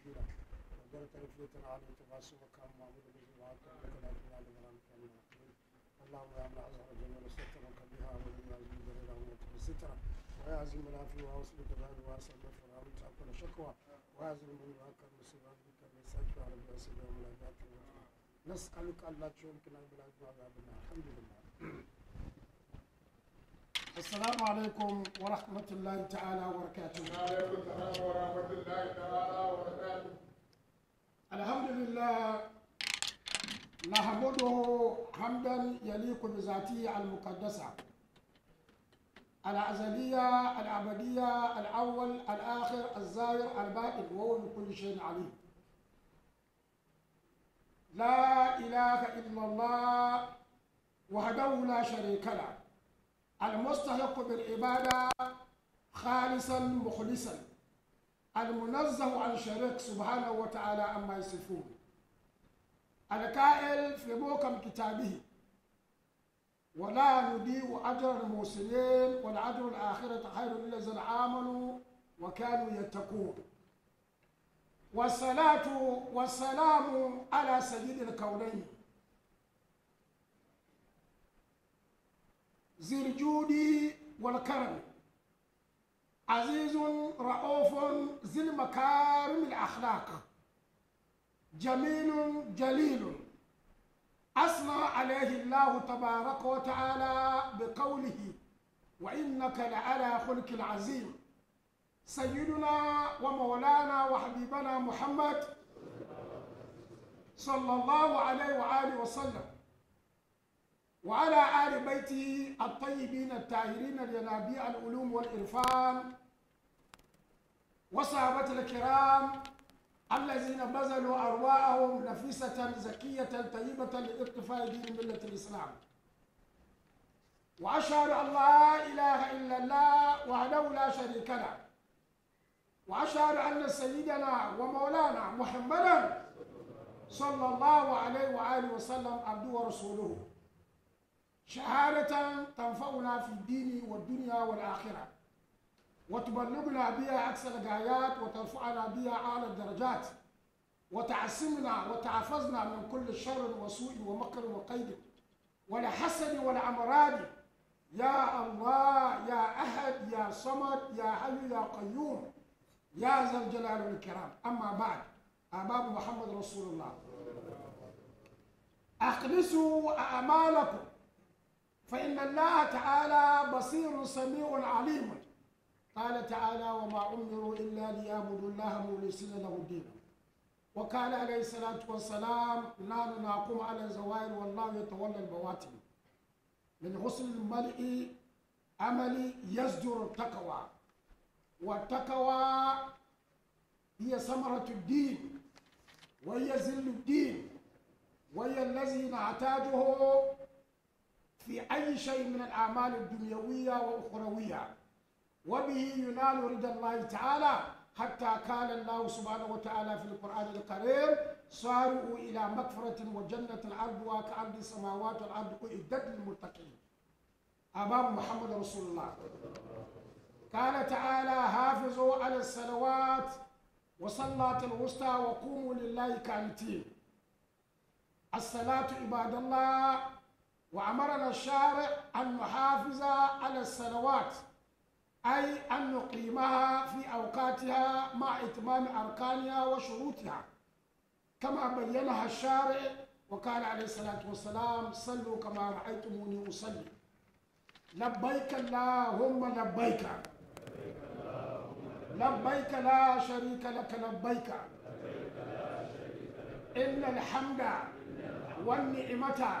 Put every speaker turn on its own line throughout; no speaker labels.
كثيرة وقدرت أن تفوتنا على تواصلك معمول بجوارك وكلا جمال مرامك المعقول اللهم يا من أظهر الجميل سترك بها ومن يعزم جميله ومن سترة ويعزم العفو وأوصل الجبال وأسأل مغفرة وأمتع كل شكوى ويعزم من يعاقب مصيبا بك بسعدك على بأسد يوم الأبيات نسألك أن لا تشركنا بالعبد وعذاب النار الحمد لله السلام عليكم ورحمة الله تعالى وبركاته السلام عليكم ورحمة
الله تعالى وبركاته
الحمد لله نحمده حمدا يليق بذاته المقدسة الأزلية الأبدية الأول الآخر الزائر الباقي وهو بكل شيء عليم لا إله إلا الله وحده لا شريك له المستحق بالعبادة خالصا مخلصا المنزه عن شرك سبحانه وتعالى عما يصفون الكائل في موكم كتابه ولا نضيع أجر المرسلين والعجر الآخرة خير للذين آمنوا وكانوا يتقون والصلاة والسلام على سيد الكونين ذي الجود والكرم عزيز رؤوف ذي المكارم الأخلاق جميل جليل أثنى عليه الله تبارك وتعالى بقوله وإنك لعلى خلق العظيم سيدنا ومولانا وحبيبنا محمد صلى الله عليه وآله وسلم وعلى آل بيته الطيبين الطاهرين الينابيع العلوم والإرفان وصحابة الكرام الذين بذلوا أرواحهم نفيسة زكية طيبة لإطفاء دين ملة الإسلام وأشهد أن لا إله إلا الله وحده لا شريك له وأشهد أن سيدنا ومولانا محمدا صلى الله عليه وآله وسلم عبده ورسوله شهادة تنفعنا في الدين والدنيا والآخرة وتبلغنا بها أقصى الغايات وترفعنا بها أعلى الدرجات وتعصمنا وتعفزنا من كل شر وسوء ومكر وقيد والحسد والعمران يا الله يا أحد يا صمد يا حي يا قيوم يا ذا الجلال والكرام أما بعد أمام محمد رسول الله أقلسوا أعمالكم فإن الله تعالى بصير سميع عليم قال تعالى وما أمروا إلا ليعبدوا الله مخلصين له الدين وقال عليه الصلاة والسلام لا نقوم على الزوائر والله يتولى البواتن من غسل المرء عمل يزدر التقوى والتقوى هي ثمرة الدين وهي زل الدين وهي الذي نحتاجه في أي شيء من الأعمال الدنيوية وأخروية وبه ينال رضا الله تعالى حتى قال الله سبحانه وتعالى في القرآن الكريم صاروا إلى مغفرة وجنة الأرض وكأرض السماوات والأرض أعدت للمتقين أمام محمد رسول الله قال تعالى حافظوا على الصلوات وصلاة الوسطى وقوموا لله كانتين الصلاة عباد الله وأمرنا الشارع أن نحافظ على الصلوات أي أن نقيمها في أوقاتها مع إتمام أركانها وشروطها كما بينها الشارع وقال عليه الصلاة والسلام صلوا كما رأيتموني أصلي لبيك اللهم لبيك لبيك لا شريك لك لبيك إن الحمد والنعمة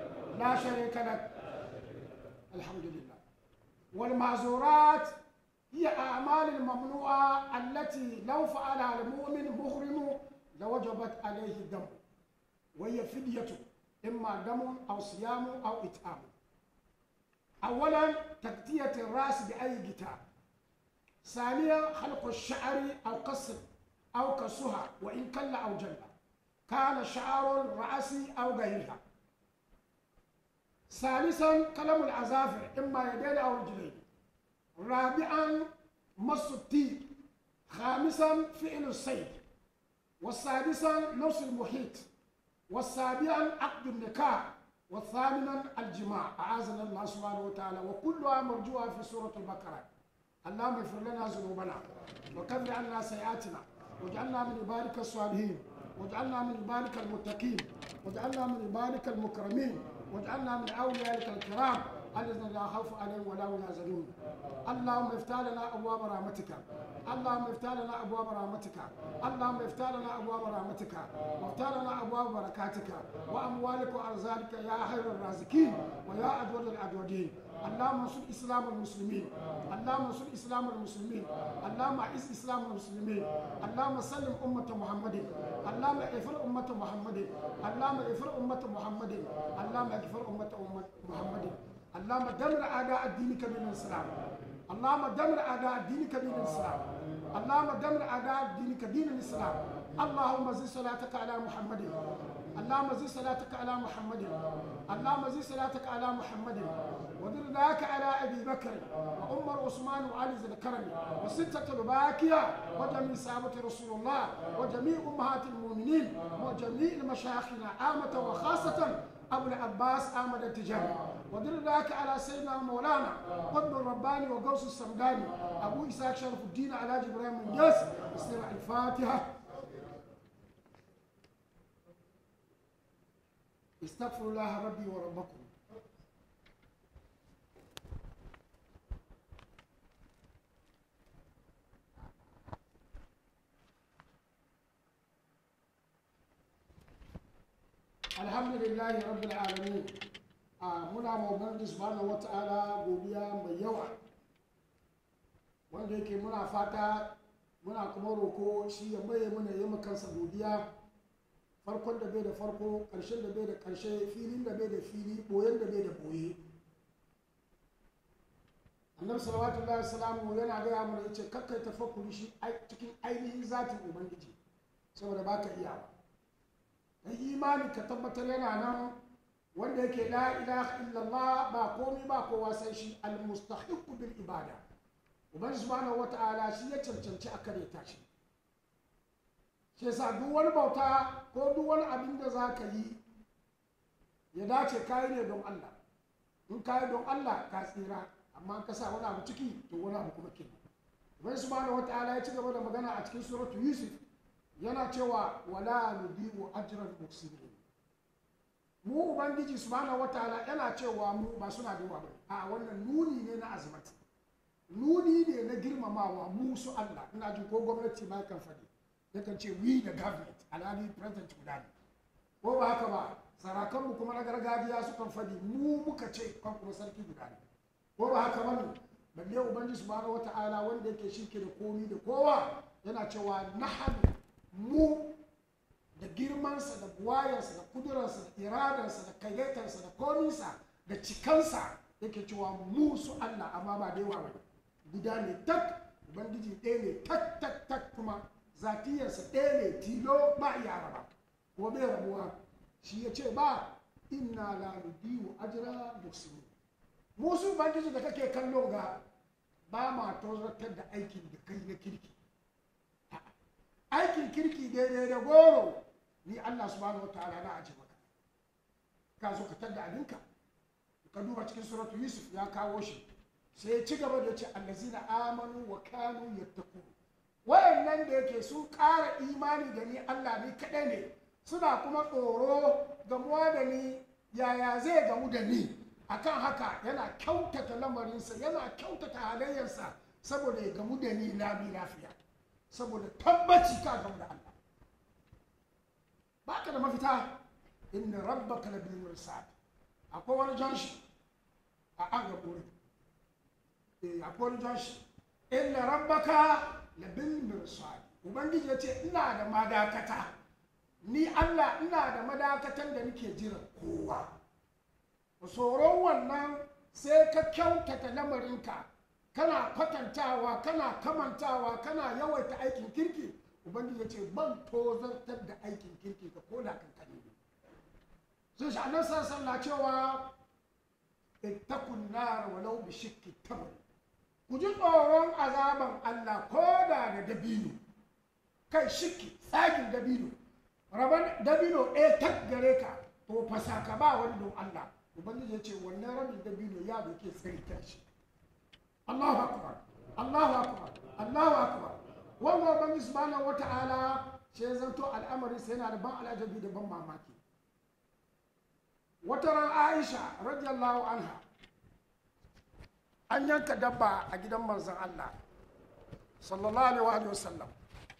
لا شريك لك الحمد لله والمعذورات هي أعمال الممنوعة التي لو فعلها المؤمن مغرم لوجبت عليه الدم وهي فدية إما دم أو صيام أو إطعام أولا تغطية الرأس بأي قطاع ثانيا خلق الشعر أو قصر أو كسها وإن كل أو جل كان شعر الرأس أو غيرها ثالثا قلم الأظافر إما يدين أو رجلين رابعا مص التيب خامسا فعل الصيد والسادسا لوس المحيط والسابعا عقد النكاح والثامنا الجماع أعاذنا الله سبحانه وتعالى وكلها مرجوعة في سورة البقرة اللهم اغفر لنا ذنوبنا وكفر عنا سيئاتنا واجعلنا من عبادك الصالحين واجعلنا من عبادك المتقين واجعلنا من عبادك المكرمين واجعلنا من اولياء الكرام الذين لا خوف عليهم ولا هم يحزنون اللهم افتح لنا ابواب رحمتك اللهم افتح لنا ابواب رحمتك اللهم افتح لنا ابواب رحمتك وافتح لنا ابواب بركاتك واموالك وارزاقك يا خير الرازقين ويا اجود الادودين اللهم انصر اسلام المسلمين اللهم انصر اسلام المسلمين اللهم اعز اسلام المسلمين اللهم سلم امه محمد اللهم اغفر امه محمد اللهم اغفر امه محمد اللهم اغفر امه محمد اللهم دمر اعداء دينك من الاسلام اللهم دمر اعداء دينك من الاسلام اللهم دمر اعداء دينك دين الاسلام اللهم زد صلاتك على محمد اللهم زد صلاتك على محمد اللهم زد صلاتك على محمد وذلك على ابي بكر وعمر وعثمان وعلي ذي الكرم والسته الباكيه وجميع صحابه رسول الله وجميع امهات المؤمنين وجميع مشايخنا عامه وخاصه ابو العباس احمد التجاري ودل ذاك على سيدنا مولانا آه. قطب الرباني وقوس السمداني آه. أبو إسحاق شرف الدين على إبراهيم من جاس آه. استمع الفاتحة استغفر الله ربي وربكم الحمد لله رب العالمين muna ma ubangiji subhanahu ta'ala godiya mai yawa wanda yake muna fata muna kuma roko shi ya maye mana yi kansa godiya farkon da bai da farko ƙarshen da bai da ƙarshe filin da bai da fili ɓoyen da bai da ɓoye annar salawatu alaihi salamu yana gaya mana yace kakkai fakuri shi cikin ainihin zafin ubangiji saboda baka iya kai imani ka tabbatar yana nan wanda yake la ilaha illallah ba komi ba kowa sai shi almustahiq bil ibada uban subhanahu wata'ala shi ya cancanci a kare ta shi ke sa duk bauta ko duk wani abin da za ka yi ya dace kayi ne don Allah in kayi don Allah ka tsira amma ka sa wani abu ciki to wani abu kuma ke uban subhanahu wata'ala ya ci gaba da magana a cikin suratu yusuf yana cewa wala nudi'u ajran muslimin mu ubangiji subhanahu ala yana cewa mu ba suna da ba a wannan nuni ne na azumat nuni ne na girmamawa mu su Allah ina ji ko gwamnati ma kan fadi yakan ce we the government alhali president guda ne ko ba haka ba sarakanmu kuma na gargajiya su kan fadi mu muka ce kan kuma sarki guda ne ko ba haka ba ne balle ubangiji subhanahu wataala wanda yake shi ke da komi da kowa yana cewa nahanu mu da girmansa da buwayensa da kudurarsa da iradarsa da kayyatarsa da kominsa da cikansa yake cewa musu Allah amma ba da yawa ba guda ne tak ubangiji ɗaya ne tak tak tak kuma zatiyarsa ɗaya ne tilo ba iya raba ko bai rabuwa shi ya ce ba inna la nudiyu ajra muslimin mu su ubangiji da kake kallo ga ba ma tozartar da aikin da kai na kirki aikin kirki daidai da goro ni Allah subhanahu wataala na aje maka ka zo ka tada abinka ka duba cikin suratu yusuf ya kawo shi sai ya ci gaba da ce allazina amanu wa kanu yattaqun wayannan da yake su ƙara imani da ni Allah ni kaɗai ne suna kuma tsoro gamuwa da ni yaya zai gamu da ni akan haka yana kyautata lamarinsa yana kyautata halayyarsa saboda ya gamu da ni lami lafiya saboda tabbaci ka gamu da Allah baka da mafita inna rabbaka labil mursad akwai wani junction a an ga burin eh akwai wani junction inna rabbaka labil mursad ubangiji ya ce ina da madakata ni Allah ina da madakatan da nake jira kowa tsoron wannan sai ka kyautata lamarinka kana kwatantawa kana kamantawa kana yawaita aikin kirki ubangiji ya ce ban tozartar da aikin kirki ka ko da kankani ne sun shi annan san sallah cewa ittakun nar walau bi shikki tamr ku ji tsoron azaban Allah ko da da dabino kai shikki tsagin dabino raban dabino ɗaya eh, tak gare ka to fasa ka ba wani don Allah ubangiji ya ce wannan rabin dabino ya doke ta shi Allahu akbar Allahu akbar Allahu akbar wannan ubangi subhanahu wata'ala shi ya zanto al'amari sai yana da ban alajabi da ban mamaki wata ran aisha radiyallahu anha an yanka dabba a gidan manzan allah sallallahu alaihi wa sallam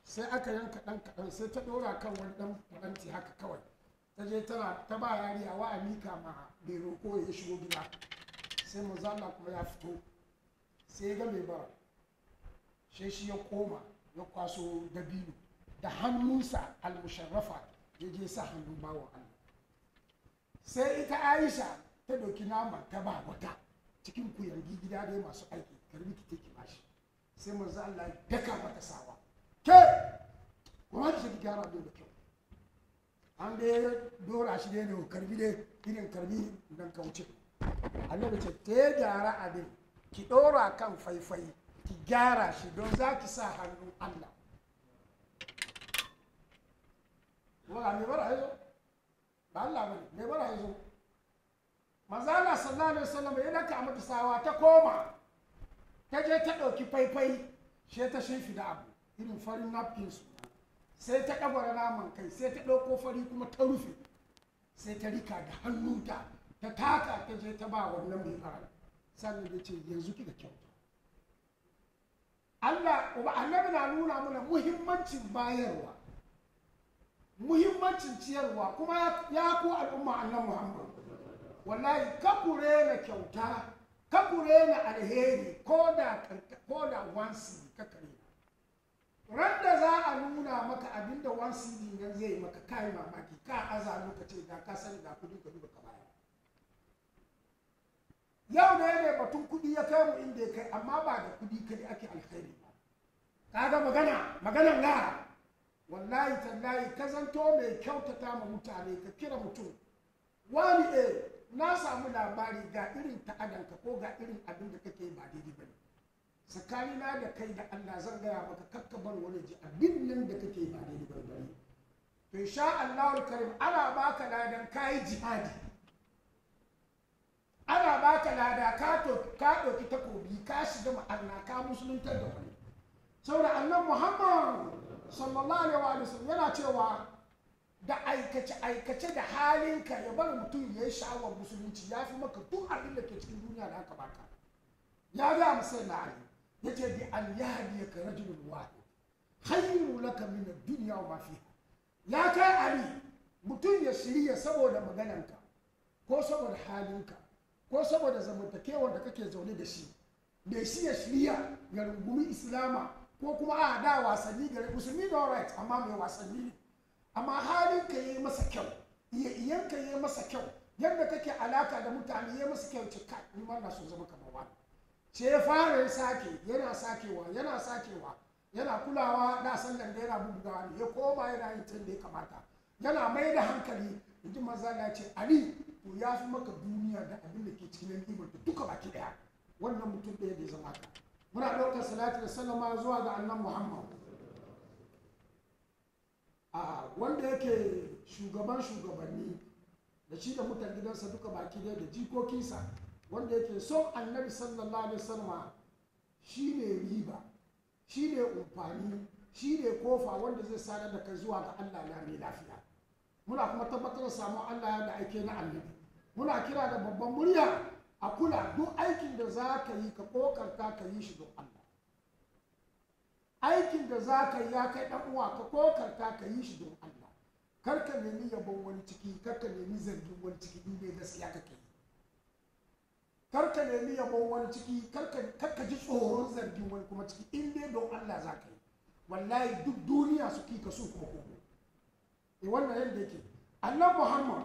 sai aka yanka dan kaɗan sai ta ɗora kan wani ɗan faranti haka kawai ta je tana ta ba yariya wa mika ma bai roƙo ya shigo gida sai mu allah kuma ya fito sai ya ga mai bara sai shi ya koma ya kwaso dabino da hannunsa al-musharrafa ya je sa hannun bawan Allah sai ita Aisha ta doki nama ta ba wata cikin kuyangi gida dai masu aiki karbi ki take bashi sai manzo Allah ya daka mata sawa ke kuma ki gyara gara da kyau an da ya dora shi ne da karbi ne irin karbi dan kauce ya ce ta gyara abin ki dora kan faifai ki gyara shi don za ki sa hannu Allah wala me bara yazo ba Allah bane me bara yazo Maza Allah sallallahu alaihi wasallam ya naka a sawa ta koma ta je ta ɗauki faifai she ta shafi da abu irin farin napkin su sai ta kabara naman kai sai ta ɗauko fari kuma ta rufe sai ta rika da hannunta ta taka ta je ta ba wannan mai fara sannan ya ce yanzu ki da kyau. Allah uba annabi na nuna mana muhimmancin bayarwa muhimmancin ciyarwa kuma ya ku al'umma annan Muhammad wallahi ka na kyauta ka na alheri ko da ko da ka kare ran za a nuna maka abinda wansi cd nan zai maka kai mamaki ka ka ce, da ka sani da kudi ka duba ka baya yau ne ne batun kuɗi ya kai mu inda ya kai amma ba da kuɗi kai ake alkhairi kaga magana maganan ga wallahi tallahi ka zanto mai kyautata ma mutane ka kira mutum wani eh na samu labari ga irin ta'adanka ko ga irin abin da kake ba daidai bane tsakanina da kai da Allah zan gaya maka kakka bar wani ji abin nan da kake ba daidai bane to insha Allahul Karim ana baka ladan kayi jihadi lada ka ɗauki takobi ka shiga ma'ana ka musulunta da wani saboda annan muhammad sallallahu alaihi wa sallam yana cewa da aikace aikace da halinka ya bar mutum ya yi sha'awar musulunci ya fi maka duk abin da ke cikin duniya da aka baka ya ga musai na ali ya ce bi an ya ka rajulun wahi khayru laka min ad-dunya wa ma fiha ya kai ali mutum ya shirya saboda maganarka ko saboda halinka ko saboda zamantakewar da kake zaune da shi da shi ya shirya ya rungumi islama ko kuma a da wasanni gare musulmi da right amma mai wasanni ne amma halin ka yi masa kyau iya ka yi masa kyau yadda kake alaka da mutane ya masa kyau cika ni ma na so zama kamar wani ce ya fara ya sake yana sakewa yana sakewa yana kulawa da sallan da yana bugawa ne ya koma yana yin tun da ya kamata yana mai da hankali ji maza ya ce ali to ya fi maka duniya da abin da ke cikin ni'imar ta duka baki daya wannan mutum ɗaya da ya zama ka muna ɗaukar salatu da sallama zuwa ga annan muhammad a wanda yake shugaban shugabanni da shi da mutan gidansa duka baki daya da jikokinsa wanda yake son annabi sallallahu alaihi wasallama shi ne riba shi ne umfani shi ne kofa wanda zai sanar da kai zuwa ga allah na mai lafiya muna kuma tabbatar da samu Allah da ake na annabi muna kira da babban murya a kula duk aikin da za ka yi ka kokarta ka yi shi don Allah aikin da za ka yi ya kai dan uwa ka kokarta ka yi shi don Allah kar ka nemi yabon wani ciki kar ka nemi zargin wani ciki in bai gaskiya kake yi kar ka nemi yabon wani ciki kar ka ji tsoron zargin wani kuma ciki in dai don Allah za ka yi wallahi duk duniya su ki ka so kuma kuma Eh, wannan yadda yake annan muhammad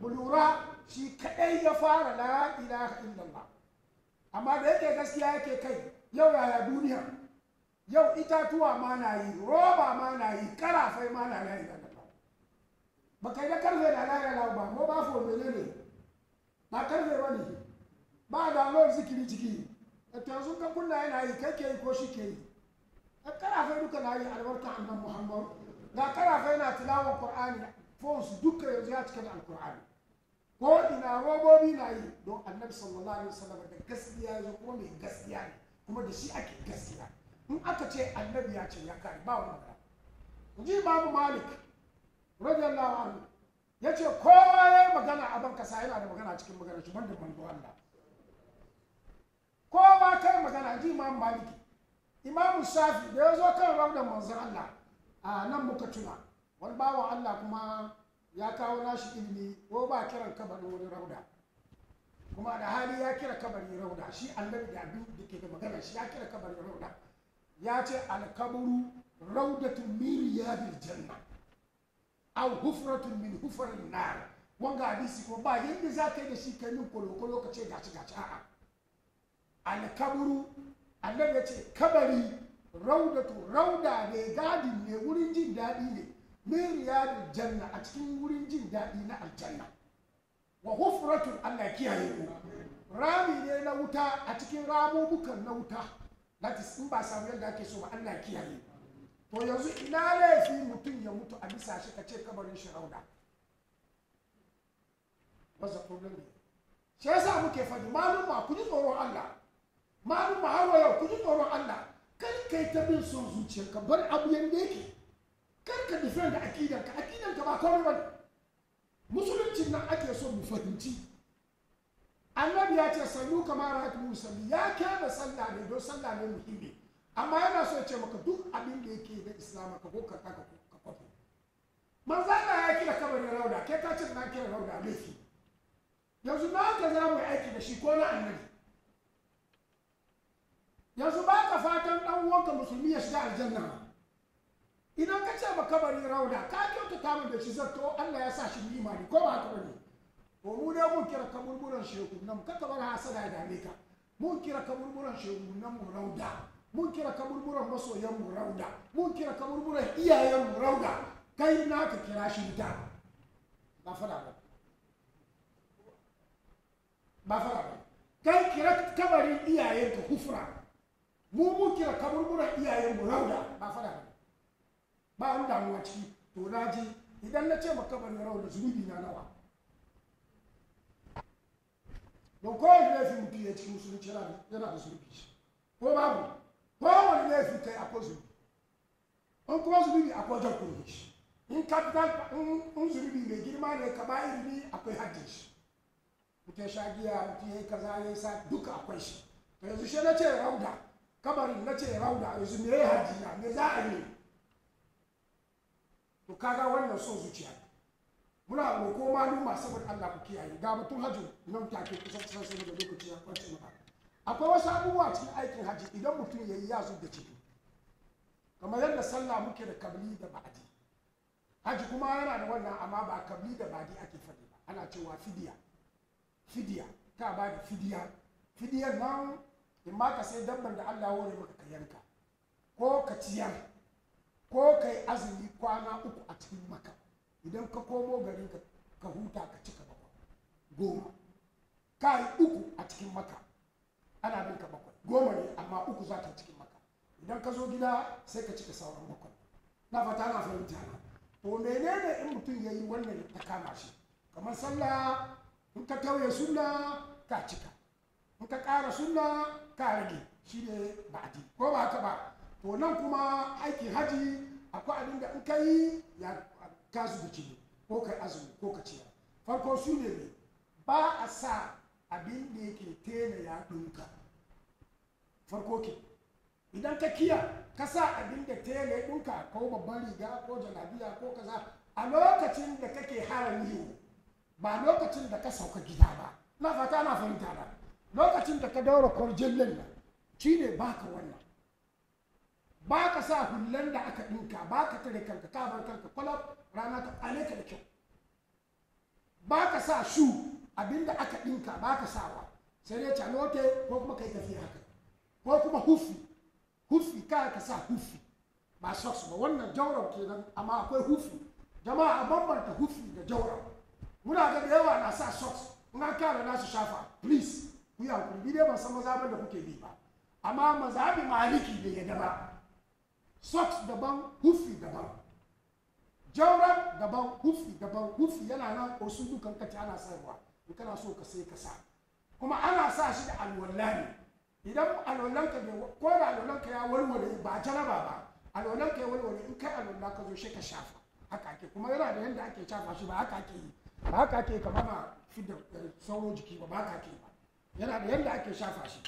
mu lura shi kaɗai ya fara la ilaha illallah amma da yake gaskiya yake kai yau yaya duniya yau itatuwa ma na yi roba ma na yi karafai ma na da ilaha ba kai da karfe da la ilaha ba mo ba fo menene ba karfe ba ne ba da zikiri ciki da eh, yanzu ka kunna yana yi kai ke yi ko shi ke yi eh, karafai duka na yi albarka annan muhammad ga karafa yana tilawar qur'ani phones duka yanzu ya cika da alqur'ani ko ina robobi na yi don annabi sallallahu alaihi wasallam da gaskiya ya ko mai gaskiya ne kuma da shi ake gaskiya in aka ce annabi ya ce ya kare ba wani magana ji babu malik radiyallahu anhu ya ce kowa ya yi magana a ban kasa yana da magana cikin magana shi banda manzo Allah kowa kai magana ji imam maliki imam shafi da ya zo kan rabda manzon Allah a nan muka tuna wani bawa allah kuma ya kawo nashi ilimi ko ba kiran kabarin wani rauda kuma da hali ya kira kabarin rauda shi annabi da abin da ke da magana shi ya kira kabarin rauda ya ce alkaburu raudatun miriyabil janna aw hufratun min hufarin nar wanga hadisi ko ba yadda za ka yi da shi ka yi kolokolo ka ce gaci gaci a'a alkaburu annabi ya ce kabari raudatu rauda ne gadin ne wurin jin daɗi ne min riyadul janna a cikin wurin jin daɗi na aljanna wa hufratu Allah kiyaye ku rami ne na wuta a cikin ramubukan na wuta that is in ba samu yadda ake so ba Allah kiyaye to yanzu ina laifi mutum ya mutu a bisa shi ka ce kabarin shi rauda wasa the problem shi yasa muke faɗi malum ma ku ji tsoron Allah malum ma har yau ku ji tsoron Allah kar ka yi ta bin son zuciyarka bar abu yanda yake kar ka defend da akidanka akidanka ba komai bane musuluncin nan ake son mu fahimci annabi ya ce sallu kamar hatu musalli ya kyana sallah ne don sallah ne muhimmi amma yana so ya ce maka duk abin da yake na islama ka ko ka ka ka kwafi manzana ya kira kabarin rauda kai ka ce na kira rauda laifi yanzu na ka za mu yi aiki da shi ko na annabi yanzu ba ka fatan ɗan uwanka musulmi ya shiga aljanna idan ka ce makabari rauda ka kyautata mu da shi zato Allah ya sa shi imani ko ba ka bane ko mu dai mun kira ka murmuran shehu nan ka bar hasada da dame ka mun kira kaburburan shehu nan mu rauda mun kira ka murmuran masoyan mu rauda mun kira ka murmuran iyayen mu rauda kai na ka kira shi da ba fara ba ba fara ba kai kira kabarin iyayen ka kufra mu muke kaburburan iyayenmu rauda ba fada ba ba an damuwa ciki to na ji idan na ce makabarin rauda zunubi na nawa don kowane laifin mutum ya cikin musulunci yana da zunubi ko babu kowane laifin kai akwai zunubi in kuma zunubi akwai jan kurmi in capital in zunubi mai girma ne ka ba ilimi akwai haddin shi mutum shagiya mutum ya yi kaza ya yi sa duka akwai shi to yanzu shi na ce rauda kabarin na ce rauda yanzu me ya haji na me za a yi to kaga wannan son zuciya muna roƙo masu saboda Allah ku kiyaye ga mutum hajji nan take kusan kusa sai da lokaci ya kwance maka akwai wasu abubuwa cikin aikin hajji idan mutum ya yi yazo da ciki kamar yadda sallah muke da kabli da ba'di hajji kuma yana da wannan amma ba kabli da ba'di ake fadi ba ana cewa fidiya fidiya ta ba da fidiya fidiyan nan in ba ka sai dabban da Allah ware maka ka yanka ko ka ciyar ko ka yi azumi kwana uku a cikin maka idan ka komo garin ka ka huta ka cika bakwai goma ka yi uku a cikin maka ana bin ka bakwai goma ne amma uku za ka cikin maka idan ka zo gida sai ka cika sauran bakwai na fata na fahimta na to menene in mutum ya yi wannan ta kama shi kamar sallah in ka tauye sunna ka cika in ka ƙara sunna ka rage shi ne ba'adi ko ba haka ba to nan kuma aikin haji akwai abin da in ka yi ya ka zubuci ko ka azumi ko ka ciyar farko su ne ne ba a sa abin da yake tela ya ɗinka farko ke idan ka kiya ka sa abin da tela ya ɗinka ko babban riga ko jalabiya ko kaza a lokacin da kake harami ba lokacin da ka sauka gida ba na fata na fahimta ba lokacin da ka daura kwarjillan nan shi ne baka wannan ba ka sa hullan da aka dinka ba ka tare kanka ka bar kanka kwalab rana ta ƙwale ka da kyau ba ka sa shu abinda aka dinka ba ka wa. sai dai canote ko kuma kai tafiya haka ko kuma hufi hufi ka ka sa hufi ba socks ba wannan jauran kenan amma akwai hufi jama'a a bambanta hufi da jauran muna ga da yawa na sa socks in an kare nasu shafa please yi hakuri ni dai ban san mazhabin da kuke bi ba amma mazhabi maliki da ya gaba socks daban hufi daban jauran daban hufi daban hufi yana nan osun dukan kace ana sayarwa in kana so ka sai ka sa kuma ana sa shi da alwala ne idan ka bai ko da ka ya warware ba jaraba ba ka ya warware in kai alwala ka zo shi ka shafa haka ake kuma yana da yadda ake shafa shi ba haka ake yi ba haka ake kamar ma fidda eh, sauro jiki ba ba haka ake ba yana da yadda ake shafa shi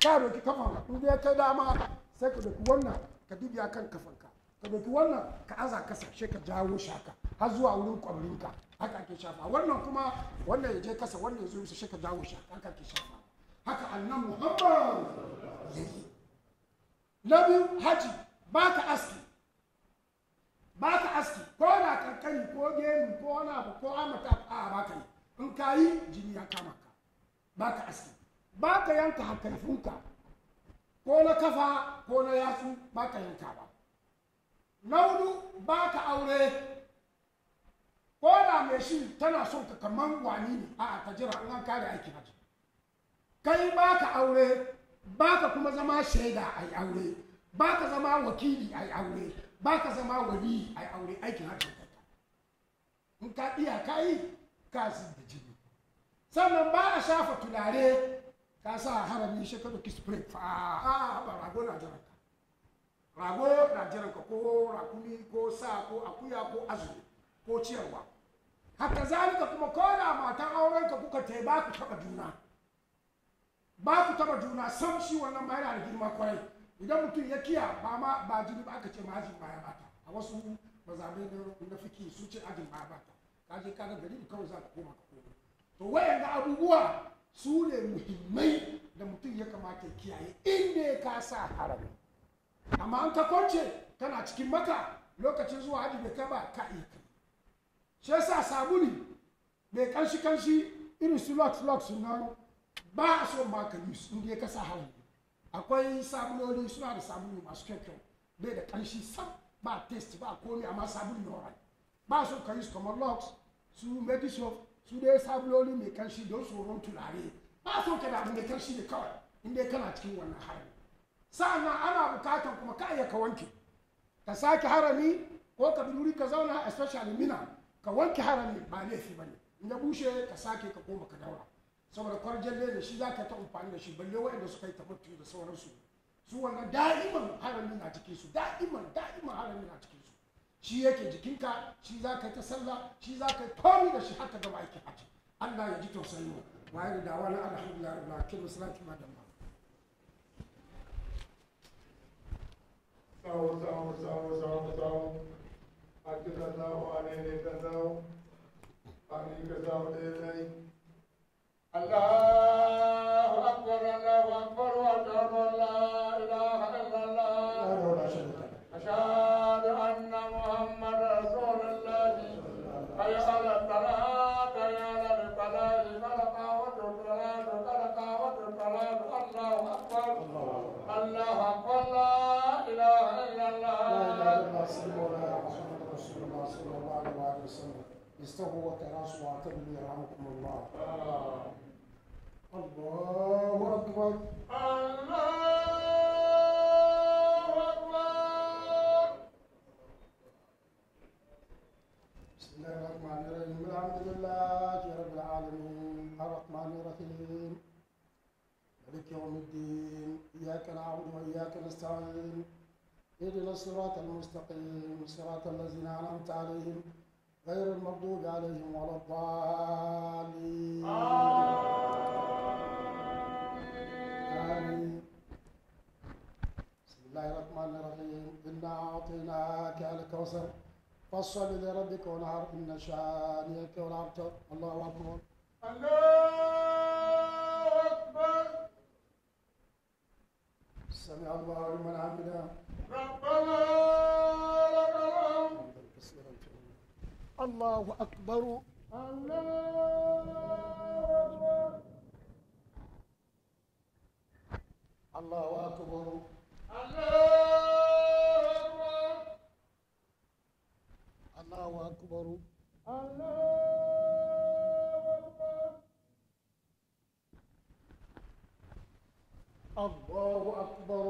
ka doki kafan in dai kai dama sai ka doki wannan ka dubiya kan kafanka ka doki wannan ka aza kasa sai ka jawo shaka har zuwa wurin kwamrinka haka ake shafa wannan kuma wannan ya je kasa wannan ya zo shi sai ka jawo shaka haka ake shafa haka annan muhammad yayi na biyu haji ba ka aski ba ka aski ko na kankani ko gemu ko wani abu ko amata a ba ka yi in ka yi jini ya kama ka ba ka aski ba ka yanka hakarfinka ko na kafa ko na yatsu ba ka yanka ba na hudu ba ka aure ko da mai shi tana son ka kaman wani ne a ka jira in an kare aiki haji kai ba ka aure ba ka kuma zama shaida a yi aure ba ka zama wakili a yi aure ba ka zama wani a yi aure aikin hajji in ka iya ka yi ka da jini sannan ba a shafa tulare ka sa harami shi ka ɗauki spray fa a ba rago na jiran ka rago na jiran ka ko rakumi ko sa ko akuya ko azumi ko ciyarwa haka zalika kuma ko da matan auren ka kuka tai ba ku taɓa juna ba ku taɓa juna sam shi wannan ba yana da girma kwarai idan mutum ya kiya ba ma ba jini ba aka ce ma ajin baya bata a wasu mazabe na fiki su ce ajin baya bata ka je ka ga gari kawai za ka koma ka koma to wayanga abubuwa su ne muhimmai da mutum ya kamata kiyaye inda ya kasa harami amma an ka kwance tana cikin maka lokacin zuwa hajji bai kai ba ka iya shi yasa sabuni mai kanshi kanshi irin su lux lux nan ba a so ma ka yus inda ya kasa harami akwai sabuloli suna da sabulu masu kyau bai da kanshi sam ba test ba komi amma sabulu ne ba so ka yus kamar lux su medisop su dai sabuloli mai kanshi don tsoron turare ba su ka da abu mai kanshi ne kawai in dai kana cikin wannan harami sa'annan ana bukatar kuma ka iya ka wanke ka sake harami ko ka bi ka zauna especially mina ka wanke harami ba laifi ba ne in ya bushe ka sake ka koma ka daura saboda kwarjalle da shi za ka ta amfani da shi balle waɗanda suka yi tabattu da sauransu su wannan da'iman harami na cikin su da'iman da'iman harami na cikin su shi yake jikinka shi za ka ta sallah shi za ka komi da shi haka gaba ake haji Allah ya ji tausayi wa ya da wani alhamdulillah rabbil alamin salatu ma da sawo sawo sawo sawo sawo
a kika sawo a ne ne ka sawo a ne ka sawo ne ne Allahu akbar Allahu akbar wa ta'ala la ilaha illallah أشهد أن محمد رسول الله حي على الصلاة حي على الفلاح فلقى وتطلع فلقى وتطلع الله أكبر الله أكبر لا إله إلا الله لا إله إلا الله صلى
الله عليه وسلم استووا وتراصوا واعتدلوا يرحمكم الله آه. الله أكبر
الله
الرحمن الرحيم الحمد لله رب العالمين الرحمن الرحيم مالك يوم الدين إياك نعبد وإياك نستعين اهدنا الصراط المستقيم صراط الذين أنعمت عليهم غير المغضوب عليهم ولا الضالين آمين بسم الله الرحمن الرحيم إنا أعطيناك الكوثر فصل لربك ونهر إن شانئك والعبد الله أكبر
الله أكبر
سمع الله لمن حمده ربنا لك الحمد الله أكبر
الله أكبر
الله أكبر الله أكبر الله أكبر الله أكبر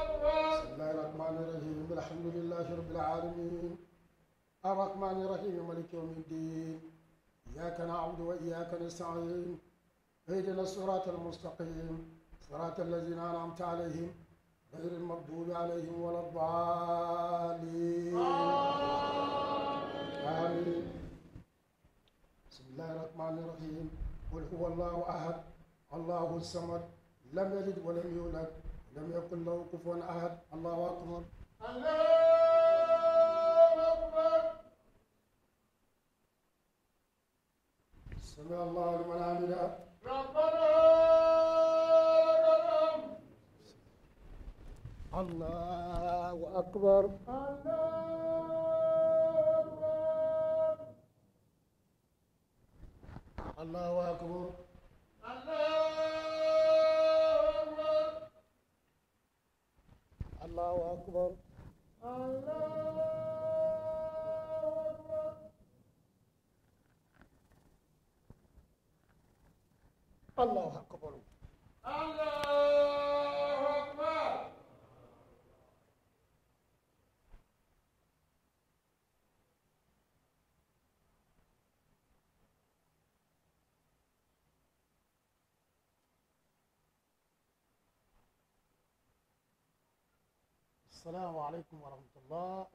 بسم
الله الرحمن الرحيم الحمد لله رب العالمين الرحمن الرحيم ملك يوم الدين إياك نعبد وإياك نستعين اهدنا الصراط المستقيم صراط الذين أنعمت عليهم غير المغضوب عليهم ولا الضالين آمين بسم الله الرحمن الرحيم قل هو الله أحد الله الصمد لم يلد ولم يولد لم يكن له كفوا أحد الله أكبر
الله أكبر
سمع الله لمن حمده
ربنا
الله أكبر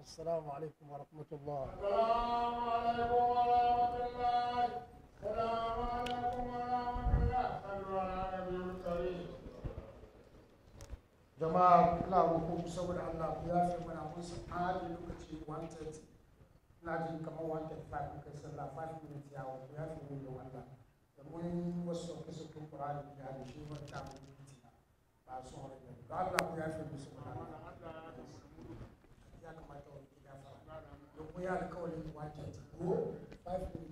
السلام عليكم ورحمة الله السلام عليكم ورحمة الله
السلام عليكم ورحمة الله صلوا على النبي الكريم
jama'a ina roƙo saboda Allah ku yafe mana mun su fadi lokaci 130 ina jin kamar 135 kai sallah 5 minutes ya ku yafe mun da wannan da mun wasu kusa kun Qur'ani da shi mun ta mun ba su hore da Allah ku yafe musu wannan we are calling one thirty. Go